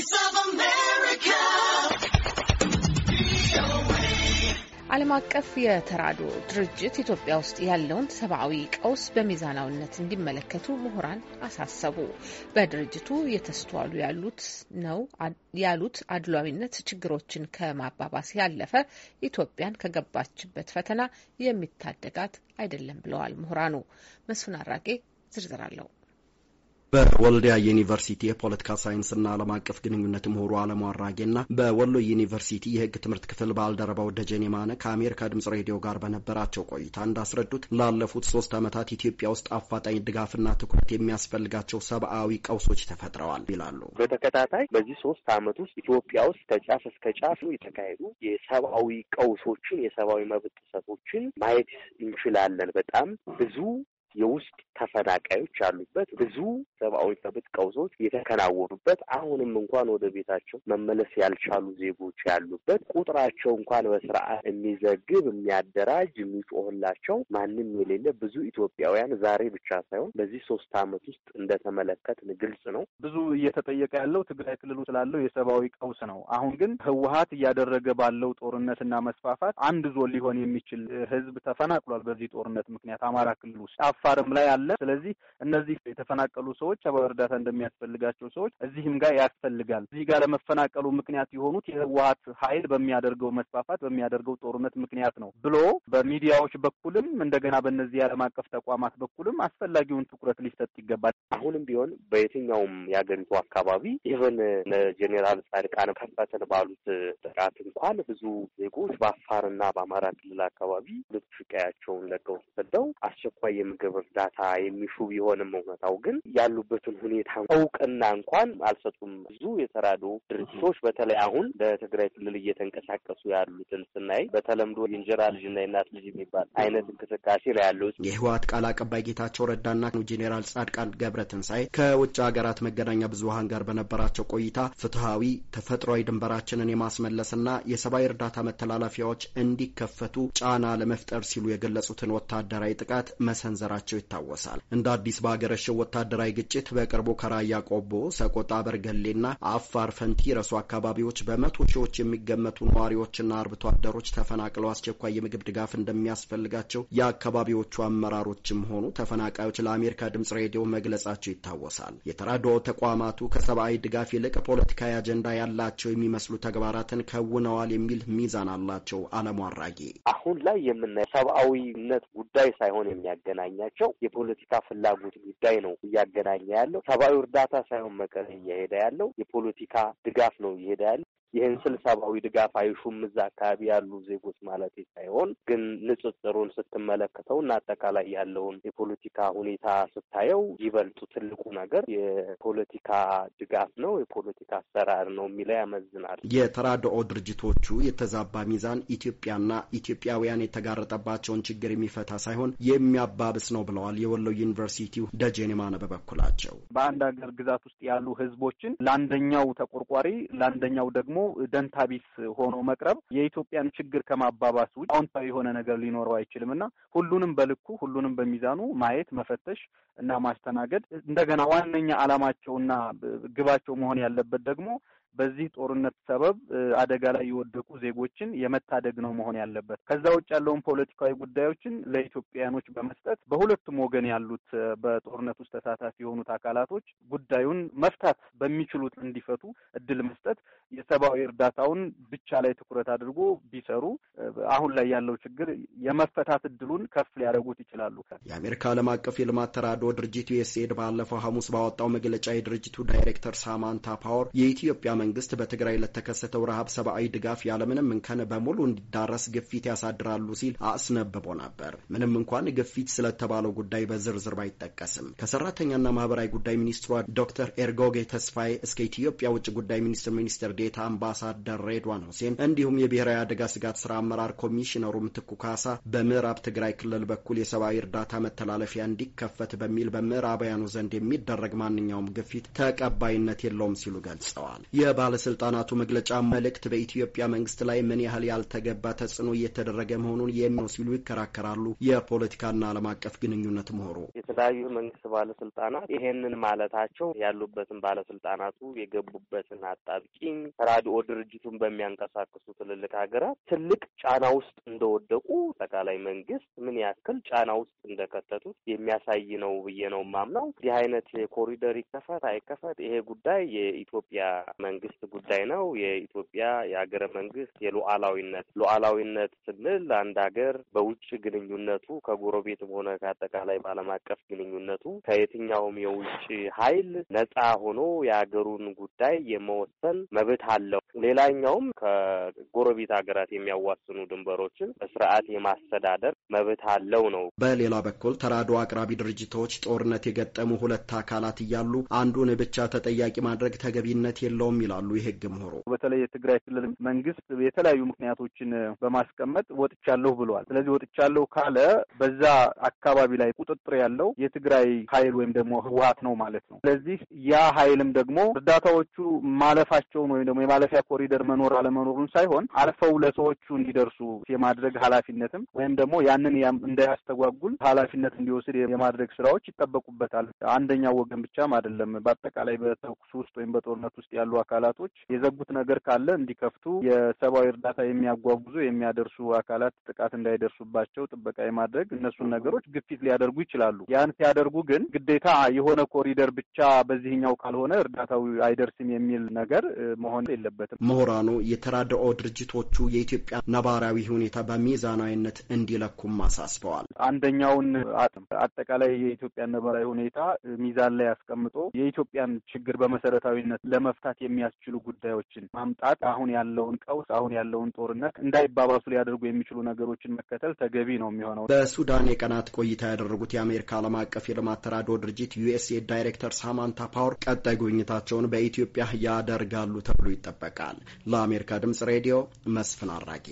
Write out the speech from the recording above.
Voice of America. ዓለም አቀፍ የተራድኦ ድርጅት ኢትዮጵያ ውስጥ ያለውን ሰብአዊ ቀውስ በሚዛናዊነት እንዲመለከቱ ምሁራን አሳሰቡ። በድርጅቱ እየተስተዋሉ ያሉት ነው ያሉት አድሏዊነት ችግሮችን ከማባባስ ያለፈ ኢትዮጵያን ከገባችበት ፈተና የሚታደጋት አይደለም ብለዋል ምሁራኑ። መስፍን አራጌ ዝርዝር አለው። በወልዲያ ዩኒቨርሲቲ የፖለቲካ ሳይንስና ዓለም አቀፍ ግንኙነት ምሁሩ አለሙ አራጌና በወሎ ዩኒቨርሲቲ የሕግ ትምህርት ክፍል ባልደረባው ደጀኔ ማነ ከአሜሪካ ድምጽ ሬዲዮ ጋር በነበራቸው ቆይታ እንዳስረዱት ላለፉት ሶስት ዓመታት ኢትዮጵያ ውስጥ አፋጣኝ ድጋፍና ትኩረት የሚያስፈልጋቸው ሰብአዊ ቀውሶች ተፈጥረዋል ይላሉ። በተከታታይ በዚህ ሶስት ዓመት ውስጥ ኢትዮጵያ ውስጥ ከጫፍ እስከ ጫፍ የተካሄዱ የሰብአዊ ቀውሶችን የሰብአዊ መብት ጥሰቶችን ማየት እንችላለን። በጣም ብዙ የውስጥ ተፈናቃዮች ያሉበት ብዙ ሰብአዊ መብት ቀውሶች የተከናወኑበት አሁንም እንኳን ወደ ቤታቸው መመለስ ያልቻሉ ዜጎች ያሉበት ቁጥራቸው እንኳን በስርዓት የሚዘግብ የሚያደራጅ የሚጮህላቸው ማንም የሌለ ብዙ ኢትዮጵያውያን ዛሬ ብቻ ሳይሆን በዚህ ሶስት ዓመት ውስጥ እንደተመለከትን ግልጽ ነው። ብዙ እየተጠየቀ ያለው ትግራይ ክልሉ ስላለው የሰብአዊ ቀውስ ነው። አሁን ግን ህወሀት እያደረገ ባለው ጦርነትና መስፋፋት አንድ ዞን ሊሆን የሚችል ህዝብ ተፈናቅሏል። በዚህ ጦርነት ምክንያት አማራ ክልል ውስጥ አፋርም ላይ አለ። ስለዚህ እነዚህ የተፈናቀሉ ሰዎች ሰብዓዊ እርዳታ እንደሚያስፈልጋቸው ሰዎች እዚህም ጋር ያስፈልጋል። እዚህ ጋር ለመፈናቀሉ ምክንያት የሆኑት የህወሀት ኃይል በሚያደርገው መስፋፋት በሚያደርገው ጦርነት ምክንያት ነው ብሎ በሚዲያዎች በኩልም እንደገና በእነዚህ የዓለም አቀፍ ተቋማት በኩልም አስፈላጊውን ትኩረት ሊሰጥ ይገባል። አሁንም ቢሆን በየትኛውም የሀገሪቱ አካባቢ ኢቨን ጄኔራል ጻድቃን ከፈትን ባሉት ጥቃት እንኳን ብዙ ዜጎች በአፋርና በአማራ ክልል አካባቢ ልብስ ቀያቸውን ለቀው ተሰደው አስቸኳይ የምግብ የገንዘብ እርዳታ የሚሹ ቢሆንም እውነታው ግን ያሉበትን ሁኔታ እውቅና እንኳን አልሰጡም። ብዙ የተራዶ ድርጅቶች በተለይ አሁን በትግራይ ክልል እየተንቀሳቀሱ ያሉትን ስናይ በተለምዶ የእንጀራ ልጅና የእናት ልጅ የሚባል አይነት እንቅስቃሴ ነው ያለው። የህወሓት ቃል አቀባይ ጌታቸው ረዳና ጄኔራል ጻድቃን ገብረ ትንሳኤ ከውጭ ሀገራት መገናኛ ብዙሀን ጋር በነበራቸው ቆይታ ፍትሐዊ ተፈጥሯዊ ድንበራችንን የማስመለስና የሰብአዊ እርዳታ መተላለፊያዎች እንዲከፈቱ ጫና ለመፍጠር ሲሉ የገለጹትን ወታደራዊ ጥቃት መሰንዘራቸው መጀመራቸው ይታወሳል። እንደ አዲስ በሀገረሸው ወታደራዊ ግጭት በቅርቡ ከራያ ቆቦ፣ ሰቆጣ፣ በርገሌና አፋር ፈንቲ ረሱ አካባቢዎች በመቶ ሺዎች የሚገመቱ ነዋሪዎችና አርብቶ አደሮች ተፈናቅለው አስቸኳይ የምግብ ድጋፍ እንደሚያስፈልጋቸው የአካባቢዎቹ አመራሮችም ሆኑ ተፈናቃዮች ለአሜሪካ ድምጽ ሬዲዮ መግለጻቸው ይታወሳል። የተራድኦ ተቋማቱ ከሰብአዊ ድጋፍ ይልቅ ፖለቲካዊ አጀንዳ ያላቸው የሚመስሉ ተግባራትን ከውነዋል የሚል ሚዛን አላቸው። አለሙ አራጌ አሁን ላይ የምናየው ሰብአዊነት ጉዳይ ሳይሆን የሚያገናኛ። ናቸው። የፖለቲካ ፍላጎት ጉዳይ ነው እያገናኘ ያለው። ሰብአዊ እርዳታ ሳይሆን መቀሌ እየሄደ ያለው የፖለቲካ ድጋፍ ነው እየሄደ ያለው። ይህን ስል ሰብአዊ ድጋፍ አይሹም እዛ አካባቢ ያሉ ዜጎች ማለት ሳይሆን፣ ግን ንጽጽሩን ስትመለከተው እና አጠቃላይ ያለውን የፖለቲካ ሁኔታ ስታየው ይበልጡ ትልቁ ነገር የፖለቲካ ድጋፍ ነው፣ የፖለቲካ አሰራር ነው የሚለው ያመዝናል። የተራድኦ ድርጅቶቹ የተዛባ ሚዛን ኢትዮጵያና ኢትዮጵያውያን የተጋረጠባቸውን ችግር የሚፈታ ሳይሆን የሚያባብስ ነው ብለዋል። የወሎ ዩኒቨርሲቲው ደጀኔ ማነ በበኩላቸው በአንድ ሀገር ግዛት ውስጥ ያሉ ህዝቦችን ለአንደኛው ተቆርቋሪ ለአንደኛው ደግሞ ደግሞ ደንታቢስ ሆኖ መቅረብ የኢትዮጵያን ችግር ከማባባስ ውጭ አዎንታዊ የሆነ ነገር ሊኖረው አይችልም እና ሁሉንም በልኩ ሁሉንም በሚዛኑ ማየት መፈተሽ እና ማስተናገድ እንደገና ዋነኛ ዓላማቸውና ግባቸው መሆን ያለበት ደግሞ በዚህ ጦርነት ሰበብ አደጋ ላይ የወደቁ ዜጎችን የመታደግ ነው መሆን ያለበት። ከዛ ውጭ ያለውን ፖለቲካዊ ጉዳዮችን ለኢትዮጵያውያኖች በመስጠት በሁለቱም ወገን ያሉት በጦርነት ውስጥ ተሳታፊ የሆኑት አካላቶች ጉዳዩን መፍታት በሚችሉት እንዲፈቱ እድል መስጠት የሰብአዊ እርዳታውን ብቻ ላይ ትኩረት አድርጎ ቢሰሩ አሁን ላይ ያለው ችግር የመፈታት እድሉን ከፍ ሊያደርጉት ይችላሉ። የአሜሪካ ዓለም አቀፍ የልማት ተራድኦ ድርጅት ዩኤስኤድ ባለፈው ሐሙስ ባወጣው መግለጫ የድርጅቱ ዳይሬክተር ሳማንታ ፓወር የኢትዮጵያ መንግስት በትግራይ ለተከሰተው ረሃብ ሰብአዊ ድጋፍ ያለምንም እንከን በሙሉ እንዲዳረስ ግፊት ያሳድራሉ ሲል አስነብቦ ነበር። ምንም እንኳን ግፊት ስለተባለው ጉዳይ በዝርዝር ባይጠቀስም ከሰራተኛና ማህበራዊ ጉዳይ ሚኒስትሯ ዶክተር ኤርጎጌ ተስፋዬ እስከ ኢትዮጵያ ውጭ ጉዳይ ሚኒስትር ሚኒስትር ዴታ አምባሳደር ሬድዋን ሁሴን እንዲሁም የብሔራዊ አደጋ ስጋት ስራ አመራር ኮሚሽነሩ ምትኩ ካሳ በምዕራብ ትግራይ ክልል በኩል የሰብአዊ እርዳታ መተላለፊያ እንዲከፈት በሚል በምዕራባውያኑ ዘንድ የሚደረግ ማንኛውም ግፊት ተቀባይነት የለውም ሲሉ ገልጸዋል። የባለስልጣናቱ መግለጫ መልእክት በኢትዮጵያ መንግስት ላይ ምን ያህል ያልተገባ ተጽዕኖ እየተደረገ መሆኑን የሚነው ሲሉ ይከራከራሉ። የፖለቲካና ዓለም አቀፍ ግንኙነት ምሁሩ የተለያዩ መንግስት ባለስልጣናት ይሄንን ማለታቸው ያሉበትን ባለስልጣናቱ የገቡበትን አጣብቂኝ ተራድኦ ድርጅቱን በሚያንቀሳቅሱ ትልልቅ ሀገራት ትልቅ ጫና ውስጥ እንደወደቁ አጠቃላይ መንግስት ምን ያክል ጫና ውስጥ እንደከተቱት የሚያሳይ ነው ብዬ ነው ማምነው። እንዲህ አይነት የኮሪደር ይከፈት አይከፈት ይሄ ጉዳይ የኢትዮጵያ መንግስት ጉዳይ ነው። የኢትዮጵያ የሀገረ መንግስት የሉዓላዊነት ሉዓላዊነት ስንል አንድ ሀገር በውጭ ግንኙነቱ ከጎረቤትም ሆነ ከአጠቃላይ በዓለም አቀፍ የበላይነት ግንኙነቱ ከየትኛውም የውጭ ኃይል ነጻ ሆኖ የሀገሩን ጉዳይ የመወሰን መብት አለው። ሌላኛውም ከጎረቤት ሀገራት የሚያዋስኑ ድንበሮችን በስርዓት የማስተዳደር መብት አለው ነው። በሌላ በኩል ተራድኦ አቅራቢ ድርጅቶች ጦርነት የገጠሙ ሁለት አካላት እያሉ አንዱን ብቻ ተጠያቂ ማድረግ ተገቢነት የለውም ይላሉ የህግ ምሁሩ። በተለይ የትግራይ ክልል መንግስት የተለያዩ ምክንያቶችን በማስቀመጥ ወጥቻለሁ ብለዋል። ስለዚህ ወጥቻለሁ ካለ በዛ አካባቢ ላይ ቁጥጥር ያለው የትግራይ ኃይል ወይም ደግሞ ህወሀት ነው ማለት ነው። ስለዚህ ያ ኃይልም ደግሞ እርዳታዎቹ ማለፋቸውን ወይም ደግሞ የማለፊያ ኮሪደር መኖር አለመኖሩን ሳይሆን አልፈው ለሰዎቹ እንዲደርሱ የማድረግ ኃላፊነትም ወይም ደግሞ ያንን እንዳያስተጓጉል ኃላፊነት እንዲወስድ የማድረግ ስራዎች ይጠበቁበታል። አንደኛው ወገን ብቻም አይደለም። በአጠቃላይ በተኩስ ውስጥ ወይም በጦርነት ውስጥ ያሉ አካላቶች የዘጉት ነገር ካለ እንዲከፍቱ፣ የሰብአዊ እርዳታ የሚያጓጉዙ የሚያደርሱ አካላት ጥቃት እንዳይደርሱባቸው ጥበቃ የማድረግ እነሱን ነገሮች ግፊት ሊያደርጉ ይችላሉ። ያን ሲያደርጉ ግን ግዴታ የሆነ ኮሪደር ብቻ በዚህኛው ካልሆነ እርዳታው አይደርስም የሚል ነገር መሆን የለበትም። ምሁራኑ የተራድኦ ድርጅቶቹ የኢትዮጵያ ነባራዊ ሁኔታ በሚዛናዊነት እንዲለኩም አሳስበዋል። አንደኛውን አጥም አጠቃላይ የኢትዮጵያን ነባራዊ ሁኔታ ሚዛን ላይ አስቀምጦ የኢትዮጵያን ችግር በመሰረታዊነት ለመፍታት የሚያስችሉ ጉዳዮችን ማምጣት፣ አሁን ያለውን ቀውስ፣ አሁን ያለውን ጦርነት እንዳይባባሱ ሊያደርጉ የሚችሉ ነገሮችን መከተል ተገቢ ነው የሚሆነው። በሱዳን የቀናት ቆይታ ያደረጉት የአሜሪካ ዓለም አቀፍ የልማት ተራድኦ ድርጅት ዩኤስኤ ዳይሬክተር ሳማንታ ፓወር ቀጣይ ጉብኝታቸውን በኢትዮጵያ ያደርጋሉ ተብሎ ይጠበቃል። ለአሜሪካ ድምጽ ሬዲዮ መስፍን አራጌ